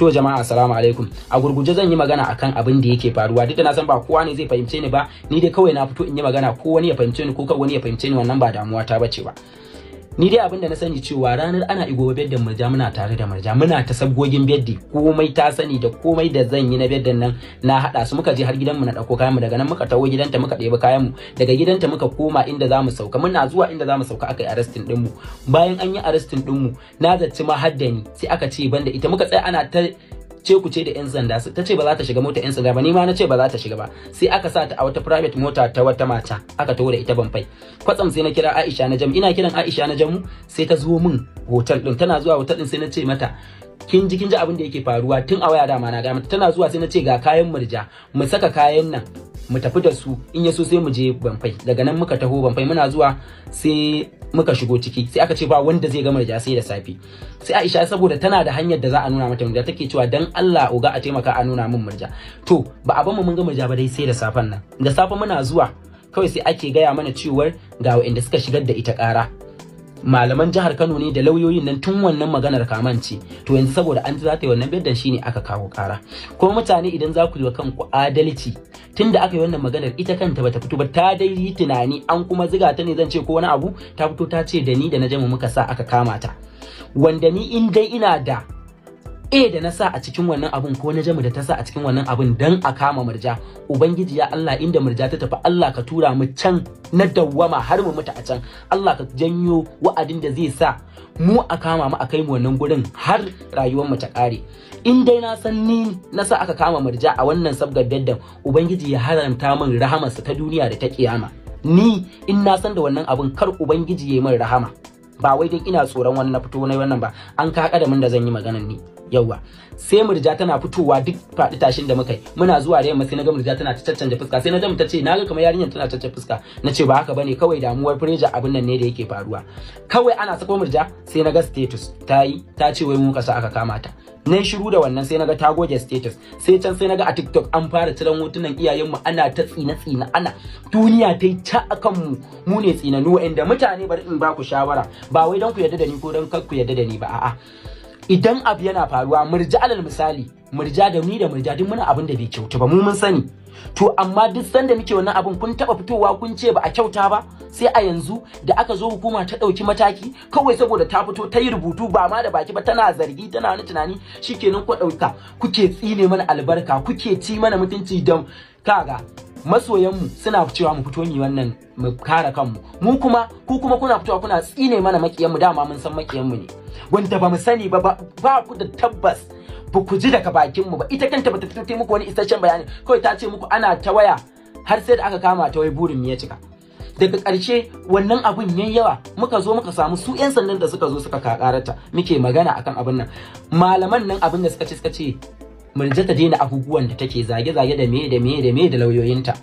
to jama'a assalamu alaikum a gurguje zan yi magana akan abin da yake faruwa duk da na san ba kowa ne zai fahimce ni ba ni dai kawai na fito in yi magana ko wani ya fahimce ni ko kawai wani ya fahimce ni wannan ba damuwa ta bace ba ni dai abinda na sani cewa ranar ana igo beddan murja muna tare da murja muna ta sabgogin beddi komai ta sani da komai da zan yi na beddan nan na hada su muka je har gidanmu na dauko kayanmu daga nan muka tawo gidanta muka kayan mu daga gidanta muka koma inda zamu sauka muna zuwa inda zamu sauka akai yi din mu bayan an yi arrestin ɗinmu na zaci ma haddani sai aka ce banda ita muka tsaya ana ta ce ku ce da yan sanda ta ce ba za ta shiga mota yan sanda ba ni ma na ce ba za ta shiga ba sai aka sa ta a wata private mota ta wata mata aka taho da ita banfai kwatsam sai na kira Aisha na jam ina kiran Aisha na jamu sai ta zo min hotel din tana zuwa hotel din sai na ce mata kin ji kin ji abin da yake faruwa tun a waya ma na ga mata tana zuwa sai na ce ga kayan murja mu saka kayan nan mu tafi da su in ya so sai mu je banfai daga nan muka taho banfai muna zuwa sai muka shigo ciki sai aka ce ba wanda zai gama da sai da safe sai Aisha saboda tana da hanyar da za a nuna mata murja take cewa dan Allah uga a taimaka a nuna min murja to ba a bamu mun gama murja ba dai sai da safen nan da safe muna zuwa kawai sai ake gaya mana cewar ga waɗanda suka shigar da ita ƙara malaman jihar Kano ne da lauyoyin nan tun wannan maganar kamanci to yanzu saboda an za ta yi wannan beddan shine aka kawo kara kuma mutane idan za ku yi kan kanku adalci tunda aka yi wannan maganar ita kanta bata fito ba ta dai yi tunani an kuma ziga ta ne zan ce ko wani abu ta fito ta ce da ni da na mu muka sa aka kama ta wanda ni in dai ina da eh da na sa a cikin wannan abun ko na jami da ta sa a cikin wannan abun dan a kama murja ubangiji ya Allah inda murja ta tafi Allah ka tura mu can na dawwama har mu mutu a can Allah ka janyo wa'adin da zai sa mu a kama mu a kai mu wannan gurin har rayuwar mu ta kare in dai na san ni na sa aka kama murja a wannan sabgar daddan ubangiji ya haramta min sa ta duniya da ta kiyama ni in na san da wannan abun kar ubangiji ya yi min rahama ba wai dai ina tsoron wani na fito na wannan ba an ka min da zan yi maganar ni yawa sai murja tana fitowa duk faɗi tashin da muka yi muna zuwa da yamma sai na ga murja tana ta caccanje fuska sai na ga ta ce na ga kamar yarinyar tana caccanje fuska na ce ba haka bane kawai damuwar fureja abin nan ne da yake faruwa kawai ana sako murja sai na ga status Tayi, yi ta ce wai mu kasa aka kama ta na shiru da wannan sai na ga goge status sai can sai na ga a TikTok an fara ciran hotunan iyayenmu ana ta tsina tsina ana duniya ta yi ta akan mu mu ne tsinanu wainda mutane bari in ba ku shawara ba wai don ku yarda da ni ko don kar ku yarda da ni ba a'a idan abu yana faruwa murja alal misali murja da ni da murja duk muna abin da bai kyautu ba mu mun sani to amma duk sanda muke wannan abin kun taba fitowa kun ce ba a kyauta ba sai a yanzu da aka zo hukuma ta dauki mataki kawai saboda ta fito ta yi rubutu ba ma da baki ba tana zargi tana wani tunani shikenan ku dauka kuke tsine mana albarka kuke ci mana mutunci don kaga masoyanmu suna cewa mu fito ni wannan mu kare kanmu mu kuma ku kuma kuna fitowa kuna tsine mana makiyanmu dama mun san makiyanmu ne wanda ba mu sani ba ba ku da tabbas ba ku ji daga bakinmu ba ita kanta bata fito muku wani isasshen bayani kawai ta ce muku ana ta waya har sai da aka kama ta wai burin ya cika daga ƙarshe wannan abun yayi yawa muka zo muka samu su 'yan sandan da suka zo suka kakarata muke magana akan abin nan malaman nan abin da suka ce suka ce murja ta daina abubuwan da take zage-zage da meye da meye da meye da lauyoyinta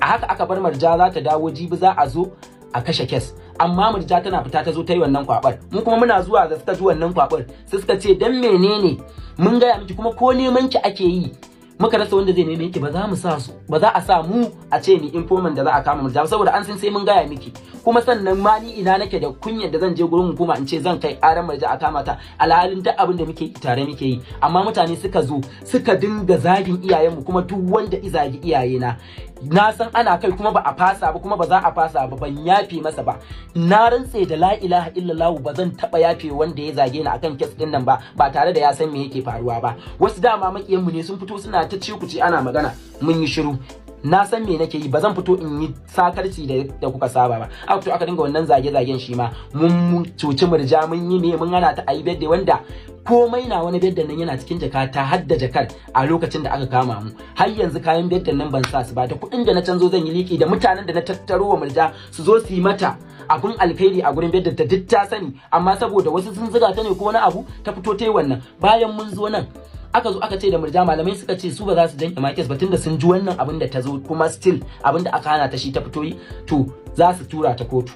a haka aka bar Marja za ta dawo jibi za a zo a kashe kes amma Marja tana fita ta zo ta yi wannan kwabar mu kuma muna zuwa da suka ji wannan kwabar sai suka ce dan menene mun gaya miki kuma ko neman ki ake yi muka rasa wanda zai neme ki ba za mu sa su ba za a sa mu a ce ni informant da za a kama murja saboda an san sai mun gaya miki kuma sannan ma ni ina nake da kunyar da zan je gurin hukuma in ce zan kai aran murja a kama ta alhalin duk abin da muke tare muke yi amma mutane suka zo suka dinga zagin iyayenmu kuma duk wanda izagi iyayena na san ana kai kuma ba a fasa ba kuma ba za a fasa ba ban yafe masa ba na rantse da la ilaha illallah ba zan taba yafe wanda ya zage ni akan kes din nan ba ba tare da ya san me yake faruwa ba wasu dama makiyan mu ne sun fito suna ta ce ana magana mun yi shiru na san me nake yi ba zan fito in yi sakarci da kuka saba ba a to aka dinga wannan zage-zagen shi ma mun cuci murja mun yi me mun hana ta ayi bedde wanda komai na wani bedda nan yana cikin jaka ta hadda jakar a lokacin da aka kama mu har yanzu kayan bedda nan ban sa su ba da kuɗin da na canzo zan yi liki da mutanen da na tattaro wa murja su zo su yi mata abun alkhairi a gurin bedda ta duk ta sani amma saboda wasu sun zuga ta ne ko wani abu ta fito ta yi wannan bayan mun zo nan aka zo aka ce da murja malamai suka ce su ba za su janye makis ba tunda sun ji wannan abin da ta zo kuma still abin da aka hana ta shi ta fito yi to za su tura ta kotu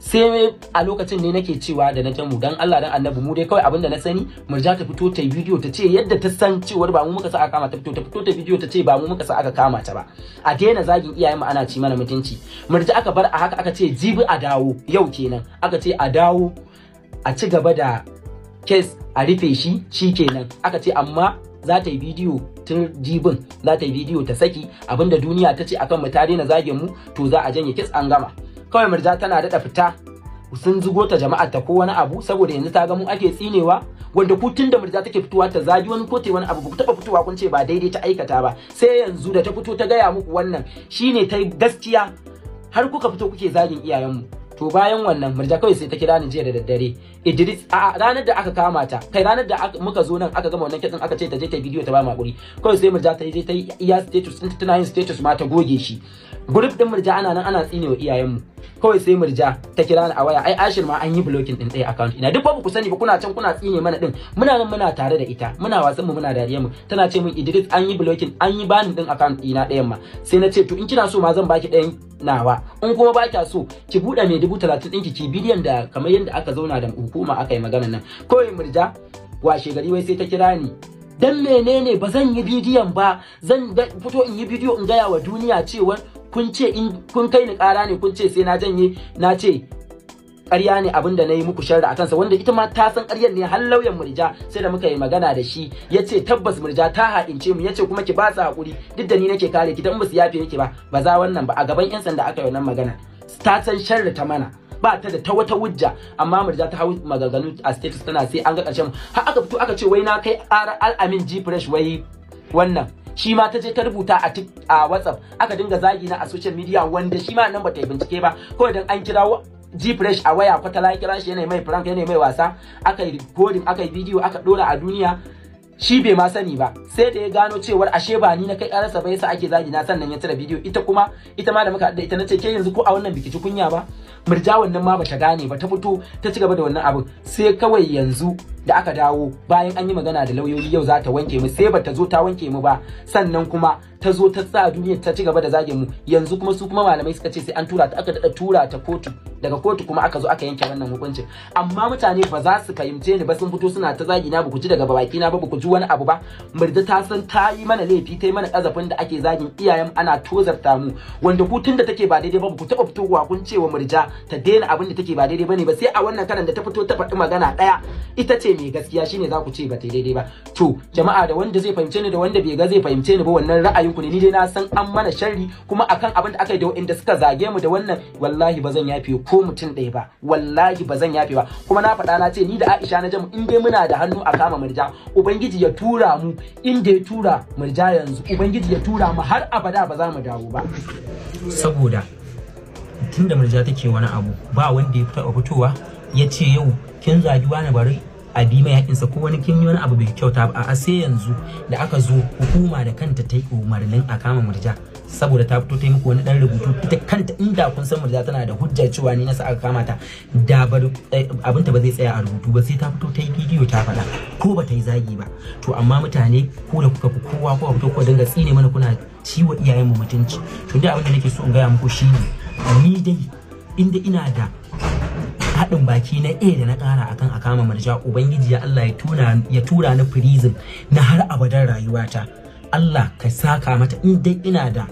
sai a lokacin ne nake cewa da na tamu dan Allah dan Annabi mu dai kawai abin da na sani murja ta fito ta yi bidiyo ta ce yadda ta san cewa ba mu muka sa aka kama ta fito ta fito ta bidiyo ta ce ba mu muka sa aka kama ta ba a daina zagin iyayen mu ana ci mana mutunci murja aka bar a haka aka ce jibi a dawo yau kenan aka ce a dawo a ci gaba da kes a rufe shi shi kenan aka ce amma za ta yi bidiyo tun jibin za ta yi bidiyo ta saki abinda duniya ta ce akan mu ta daina zagin mu to za a janye kes an gama kawai murja tana daɗa fita sun zugo ta jama'a ta ko wani abu saboda yanzu ta ga mu ake tsinewa wanda ku tun da murja take fitowa ta zagi wani ko wani abu ku taba fitowa kun ce ba daidai ta aikata ba sai yanzu da ta fito ta gaya muku wannan shine ta gaskiya har kuka fito kuke zagin iyayenmu to bayan wannan murja kawai sai ta kira ni jiya da daddare Idris a ranar da aka kama ta kai ranar da muka zo nan aka gama wannan kitsin aka ce ta je ta bidiyo ta ba mu hakuri kawai sai murja ta je ta yi iya status tana yin status ma ta goge shi group din murja ana nan ana tsinewa mu kawai sai murja ta kira ni a waya ai ashir ma an yi blocking din ɗaya account ina duk babu ku sani ba kuna can kuna tsine mana din muna nan muna tare da ita muna wasan mu muna dariyar mu tana ce min Idris an yi blocking an yi banin din account ɗina ɗayan ma sai na ce to in kina so ma zan baki ɗayan nawa in kuma ba kya so ki buɗe mai dubu talatin ɗinki ki bidiyon da kamar yadda aka zauna da hukuma aka yi magana nan kawai murja washe gari wai sai ta kira ni dan menene ba zan yi bidiyon ba zan fito in yi bidiyo in gaya wa duniya cewa kun ce in kun kai ni ƙara ne kun ce sai na janye na ce ƙarya ne abin da na yi muku sharra a kansa wanda ita ma ta san ƙaryar ne har lauyan murja sai da muka yi magana da shi ya ce tabbas murja ta haɗince mu ya ce kuma ki ba su haƙuri duk da ni nake kare ki don ba su yafe yake ba ba za wannan ba a gaban 'yan sanda aka yi wannan magana ta san sharri ta mana ba ta da ta wata wujja amma murja ta hau maganganu a status tana sai an ga ƙarshen har aka fito aka ce wai na kai ƙara al'amin g fresh wai wannan shi ma ta je ta rubuta a WhatsApp aka dinga zagi na a social media wanda shi ma nan bata yi bincike ba kawai dan an kira g fresh a waya kwatala ya kira shi yana mai prank yana mai wasa aka yi recording aka yi video aka dora a duniya shi bai ma sani ba sai da ya gano cewar ashe ba ni na kai karasa ba yasa ake zagi na sannan ya cire bidiyo ita kuma ita ma da muka da ita nace ke yanzu ko a wannan bikici kunya ba murja wannan ma bata gane ba ta fito ta ci gaba da wannan abin sai kawai yanzu da aka dawo bayan an yi magana da lauyoyi yau za ta wanke mu sai ba ta zo ta wanke mu ba sannan kuma ta zo ta sa duniya ta ci gaba da zagin mu yanzu kuma su kuma malamai suka ce sai an tura ta aka dada tura ta kotu daga kotu kuma aka zo aka yanke wannan hukuncin amma mutane ba za su fahimce ni ba sun fito suna ta zagi na ba ku ji daga baki na ba ku ji wani abu ba murda ta san ta yi mana laifi ta yi mana kazafin da ake zagin iyayen ana tozarta mu wanda ku tun da take ba daidai ba ku taɓa fitowa kun wa murja ta daina abin da take ba daidai bane ba sai a wannan karan da ta fito ta faɗi magana ɗaya ita ce mai gaskiya shine za ku ce ba daidai ba to jama'a da wanda zai fahimce ni da wanda bai ga zai fahimce ni ba wannan ra'ayin ku ne ni dai na san an mana sharri kuma akan abin da aka yi da wanda suka zage mu da wannan wallahi ba zan yafe ko mutum ɗaya ba wallahi ba zan yafe ba kuma na faɗa na ce ni da Aisha na jamu in dai muna da hannu a kama murja ubangiji ya tura mu inda ya tura murja yanzu ubangiji ya tura mu har abada ba za mu dawo ba saboda tunda da murja take wani abu ba wanda ya taɓa fitowa ya ce yau kin zagi wani bari a bi mai yakinsa ko wani kin yi wani abu bai kyauta ba a sai yanzu da aka zo hukuma da kanta ta yi umarnin a kama murja saboda ta fito ta yi muku wani dan rubutu ta kanta inda kun san murja tana da hujja cewa ni sa aka kama ta da eh, abinta ba zai tsaya a rubutu ba sai ta fito ta yi bidiyo ta faɗa ko ba ta yi zagi ba to amma mutane ko da kuka fi kowa ko a fito ko dinga tsine mana kuna ciwo iyayenmu mutunci to da abin da nake so in gaya muku shine ni dai inda ina da haɗin baki na A da na ƙara akan a kama marja Ubangiji ya Allah ya tura ni prison na har abadan rayuwata Allah ka saka mata in dai ina da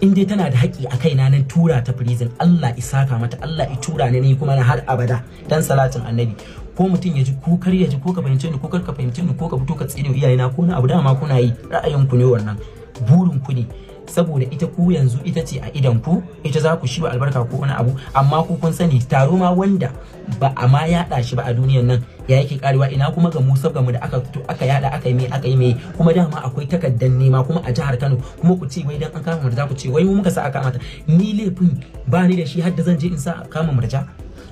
in dai tana da haƙi a kaina nan tura ta prison Allah ya saka mata Allah ya tura ni ni kuma na har abada dan salatin annabi ko mutum ya ji ko kar ya ji ko ka fahimce ni ko kar ka fahimce ni ko ka fito ka tsine iyayena ko na abu dama kuna yi ra'ayin ku ne wannan burin ku ne saboda ita ku yanzu ita ce a idan ku ita za ku shi wa albarka ko wani abu amma ku kun sani taro ma wanda ba a ma yaɗa shi ba a duniyar nan ya yake karewa ina kuma ga Musa gamu da aka fito aka yada aka yi mai aka yi mai kuma dama akwai takaddan nema kuma a jihar Kano kuma ku ce wai dan an kama murja ku ce wai mu muka sa aka mata ni laifin ba ni da shi har da zan je in sa kama murja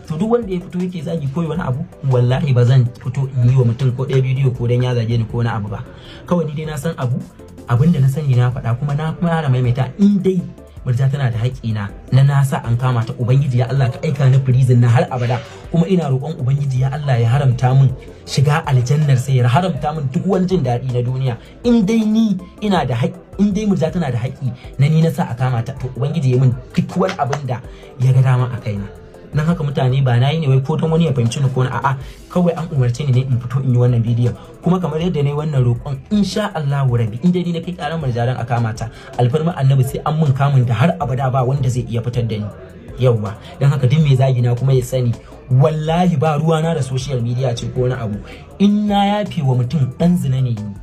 to duk wanda ya fito yake zagi koyi wani abu wallahi ba zan fito in yi wa mutum ko ɗaya bidiyo ko dan ya zage ni ko wani abu ba kawai ni dai na san abu abin da na sani na faɗa kuma na fara maimaita in dai murja tana da haƙƙi na na nasa an kama ta ubangiji ya Allah ka aika ni prison na har abada kuma ina roƙon ubangiji ya Allah ya haramta min shiga aljannar sai ya haramta min duk wani jin daɗi na duniya in dai ni ina da haƙƙi in dai murja tana da haƙƙi na ni na sa a kama ta to ubangiji ya min duk wani abin da ya ga dama a kaina dan haka mutane ba na yi ne wai ko don wani ya fahimci ni ko na a'a kawai an umarce ni ne in fito in yi wannan bidiyon kuma kamar yadda ne wannan roƙon insha Allahu rabi in dai na kai karan marjaran a kama alfarma annabi sai an mun kamun da har abada ba wanda zai iya fitar da ni yauwa don haka duk mai zagi na kuma ya sani wallahi ba ruwana da social media ce ko wani abu in na yafe wa mutum dan zina ne ni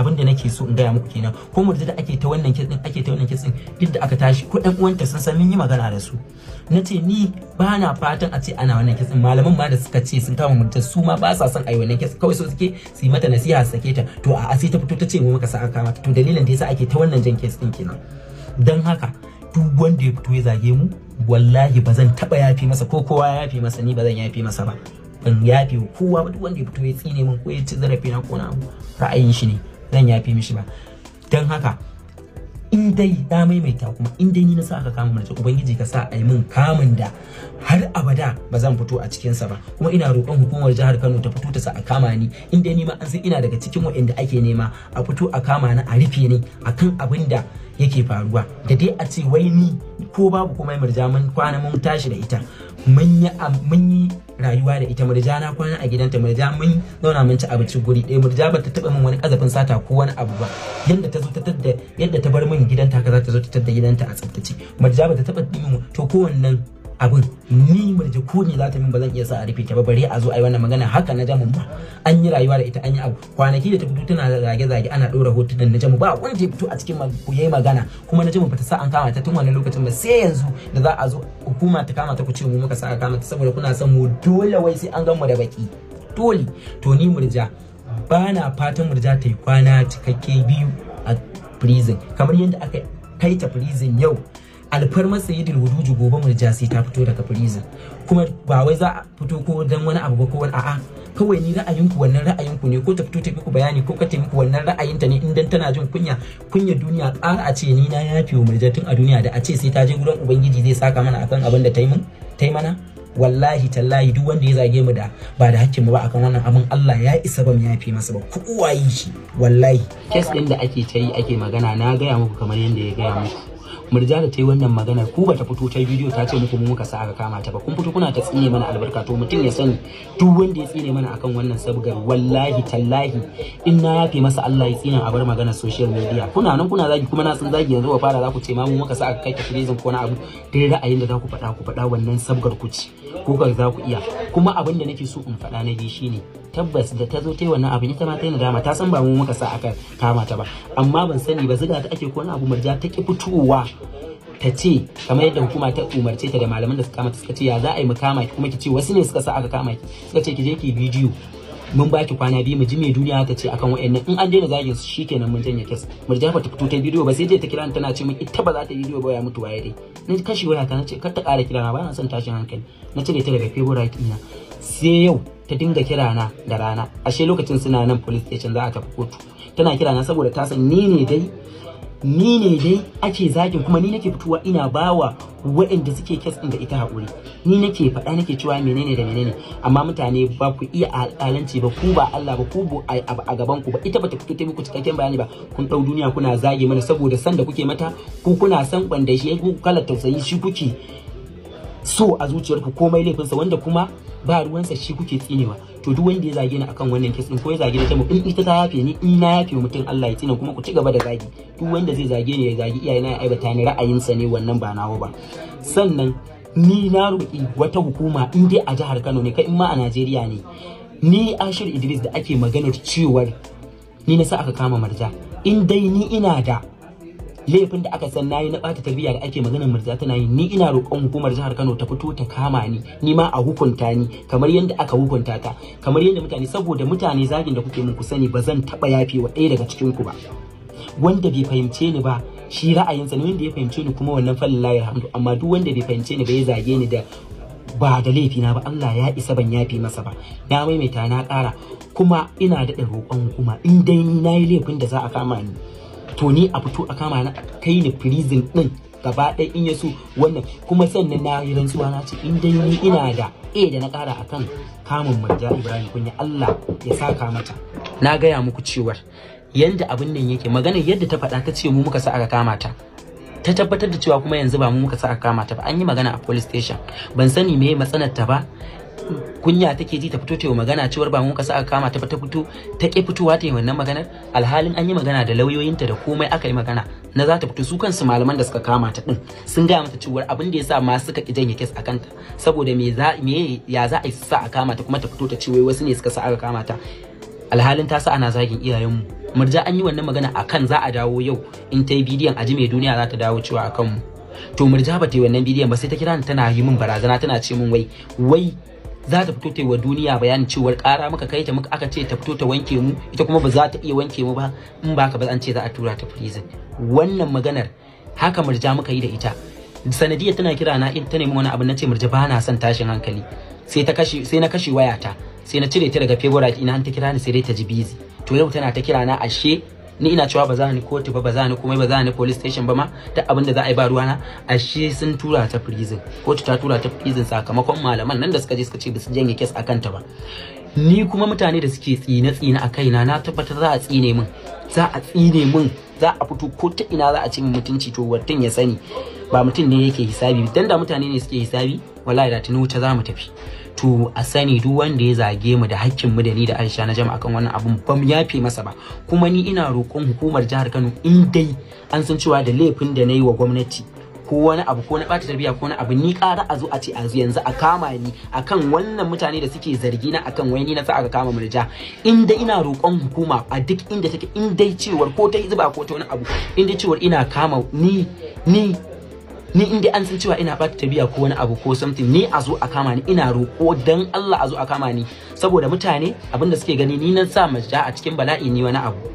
abin da nake so in gaya muku kenan ko mu da ake ta wannan kitsin ake ta wannan kitsin duk da aka tashi ko ɗan uwanta sun san mun yi magana da su na ce ni ba na fatan a ce ana wannan kitsin malaman ma da suka ce sun kama mutum su ma ba sa son a yi wannan kitsin kawai so suke su yi mata nasiha su sake ta to a sai ta fito ta ce mu muka sa aka kama to dalilin da yasa ake ta wannan jan kitsin kenan dan haka duk wanda ya fito ya zage mu wallahi bazan zan taba yafi masa ko kowa ya yafi masa ni ba zan yafi masa ba in yafi kowa ba duk wanda ya fito ya tsine min ko ya ci zarafi na kona ra'ayin shi ne zan yafi mishi ba don haka in dai ya maimaita kuma in dai ni na sa aka kama mace ubangiji ka sa a yi min kamun da har abada ba zan fito a cikinsa ba kuma ina roƙon hukumar jihar Kano ta fito ta sa a kama ni in dai ni ma an san ina daga cikin waɗanda ake nema a fito a kama ni a rufe ni akan abin da yake faruwa da dai a ce wai ni ko babu komai murja mun kwana mun tashi da ita mun yi mun yi rayuwa da ita murja na kwana a gidanta murja mun zauna mun ci abinci guri ɗaya murja ba ta taɓa min wani ƙazafin sata ko wani abu ba yadda ta zo ta tadda yadda ta bar min gidanta haka za ta zo ta tadda gidanta a tsaftace murja ba ta taɓa min to kowannan abin ni marje ko ne za ta min ba zan iya sa a rufe ta ba bare a zo ai wannan magana haka na jamu ba an yi rayuwa da ita an yi abu kwanaki da ta fito tana zage zage ana dora hotunan na jamu ba wanda ya fito a cikin yayi magana kuma na jamu ba ta sa an kama ta tun wannan lokacin ba sai yanzu da za a zo hukuma ta kama ta ku ce mu muka sa kama ta saboda kuna son mu dole wai sai an gan da baki dole to ni murja ba na fatan murja ta yi kwana cikakke biyu a prison kamar yadda aka kai ta prison yau alfarmar sayidin wuduju gobe murja sai ta fito daga freezer kuma ba wai za a fito ko dan wani abu ba ko wani a'a kawai ni ra'ayinku wannan ra'ayinku ne ko ta fito ta ku bayani ko ka ta muku wannan ra'ayinta ne in dan tana jin kunya kunya duniya ƙara a ce ni na yafi wa murja a duniya da a ce sai ta je gurin ubangiji zai saka mana akan abin da ta yi mun ta yi mana wallahi tallahi duk wanda ya zage mu da ba da hakkin mu ba akan wannan abin Allah ya isa ba mu yafi masa ba ku uwaye shi wallahi kes din da ake ta ake magana na gaya muku kamar yadda ya gaya muku murjana ta yi wannan magana ku ba ta fito ta bidiyo ta ce muku mu muka sa aka kama ta ba kun fito kuna ta tsine mana albarka to mutum ya sani duk wanda ya tsine mana akan wannan sabgar wallahi tallahi in na yafe masa Allah ya tsina a bar magana social media kuna nan kuna zagi kuma na san zagi yanzu ba fara za ku ce ma mu muka sa aka kai ta kirizin ko na abu dai ra'ayin da za ku faɗa ku faɗa wannan sabgar ku ci ko ka za ku iya kuma abin da nake so in faɗa na shi ne. tabbas da ta zo ta yi wannan abin ita ma ta yi nadama ta san ba mu muka sa aka kama ta ba amma ban sani ba zuga ta ake ko wani abu marja ta ki fitowa ta ce kamar yadda hukuma ta umarce ta da malaman da suka kama suka ce ya za a yi mu kama ki kuma ki ce wasu ne suka sa aka kama ki suka ce ki je ki bidiyo mun ba ki kwana biyu mu ji me duniya ta ce akan wayannan in an daina zagin su shikenan mun janye kes murjafa ta fito ta bidiyo ba sai dai ta kira ni tana ce min ita ba za ta bidiyo ba ya mutu waye dai na kashi waya ta na ce kar ta kara kira na ba na son tashin hankali na cire ta daga february kina sai yau ta dinga kira na da rana ashe lokacin suna nan police station za a tafi kotu tana kira na saboda ta san ni ne dai ni ne dai ake zakin. kuma ni nake fitowa ina bawa waɗanda suke kes da ita haƙuri ni nake faɗa nake cewa menene da menene amma mutane ba ku iya alƙalanci ba ku ba Allah ba ku a gaban ku ba ita bata fito ta muku cikakken bayani ba kun ɗau duniya kuna zagi mana saboda san da kuke mata ku kuna san wanda shi ku kala tausayi shi kuke so a zuciyarku komai laifinsa wanda kuma ba ruwansa shi kuke tsinewa to duk wanda ya zage ni akan wannan kisin ko ya zage ni mu in ita ta yafe ni in na yafe mutum Allah ya tsine kuma ku ci gaba da zagi duk wanda zai zage ni ya zagi iyayena ya aibata ni ra'ayinsa ne wannan ba nawo ba sannan ni na roƙi wata hukuma in dai a jihar Kano ne kai in ma a Najeriya ne ni Ashir Idris da ake maganar cewar ni na sa aka kama marja in dai ni ina da laifin da aka san nayi na bata tarbiyya da ake maganar murza tana yi ni ina roƙon hukumar jihar Kano ta fito ta kama ni ni ma a hukunta ni kamar yadda aka hukunta ta kamar yadda mutane saboda mutane zagin da kuke mun ku sani ba zan taba yafe wa ɗaya daga cikin ku ba wanda bai fahimce ni ba shi ra'ayinsa ne wanda ya fahimce ni kuma wannan falin layar hamdu amma duk wanda bai fahimce ni ba ya zage ni da ba da laifi na ba Allah ya isa ban yafi masa ba na maimaita na ƙara kuma ina daɗin roƙon hukuma in dai nayi na laifin da za a kama ni to ni a fito a kama na kai ni prison din gaba ɗaya in ya so wannan kuma sannan na yi rantsuwa na ce in dai ni ina da e da na kara akan kamun manja ibrahim kunya allah ya saka mata na gaya muku cewar yanda abin nan yake magana yadda ta faɗa ta ce mu muka sa aka kama ta ta tabbatar da cewa kuma yanzu ba mu muka sa aka kama ta ba an yi magana a police station ban sani me matsalar ta ba kunya take ji ta fito ta yi magana cewar ba mun kasa aka kama ta ta fito ta ke fitowa ta yi wannan maganar alhalin an yi magana da lauyoyinta da komai aka yi magana na za ta fito su kansu malaman da suka kama ta din sun gaya mata cewar abin da ya sa ma suka ki janye kes akan ta saboda me za me ya za a yi sa a kama ta kuma ta fito ta ce wasu ne suka sa aka kama ta alhalin ta sa ana zagin iyayenmu murja an yi wannan magana akan za a dawo yau in ta yi bidiyon aji mai duniya za ta dawo cewa akan mu to murja ba ta yi wannan bidiyon ba sai ta kira ni tana yi min barazana tana ce min wai wai za ta fito ta yi wa duniya bayanin cewar ƙara muka kai ta muka aka ce ta fito ta wanke mu ita kuma ba za ta iya wanke mu ba in ba ka ba an ce za a tura ta prison wannan maganar haka murja muka yi da ita sanadiyar tana kira na in ta nemi wani abu na ce murja ba na son tashin hankali sai ta kashe sai na kashe wayata sai na cire ta daga febura ina an ta kira ni sai dai ta ji busy to yau tana ta kira na ashe ni ina cewa ba za ni kotu ba ba za ni komai ba za ni police station ba ma ta abin da za a yi ba ruwana ashe sun tura ta prison kotu ta tura ta prison sakamakon malaman nan da suka je suka ce ba su janye kes akan ta ba ni kuma mutane da suke tsine tsine a kaina na tabbatar za a tsine min za a tsine min za a fito ko ta ina za a ci mutunci to watan ya sani ba mutum ne yake hisabi dan da mutane ne suke hisabi wallahi da tuni wuta za mu tafi to a sani duk wanda ya zage mu da hakkin mu da ni da Aisha na jama'a kan wannan abun bam yafe masa ba kuma ni ina roƙon hukumar jihar Kano in dai an san cewa da laifin da na yi wa gwamnati ko wani abu ko na ɓata tarbiyya ko wani abu ni ƙara a zo a ce a yanzu a kama ni akan wannan mutane da suke zargi na akan wai ni na sa aka kama murja in dai ina roƙon hukuma a duk inda take in dai cewar ko ta zuba ko ta wani abu in dai cewar ina kama ni ni ni indi an san cewa ina bata tabiya ko wani abu ko something ni a zo a kama ni ina roƙo dan Allah a zo a kama ni saboda mutane abinda suke gani ni nan sa maja a cikin bala'i ni wani abu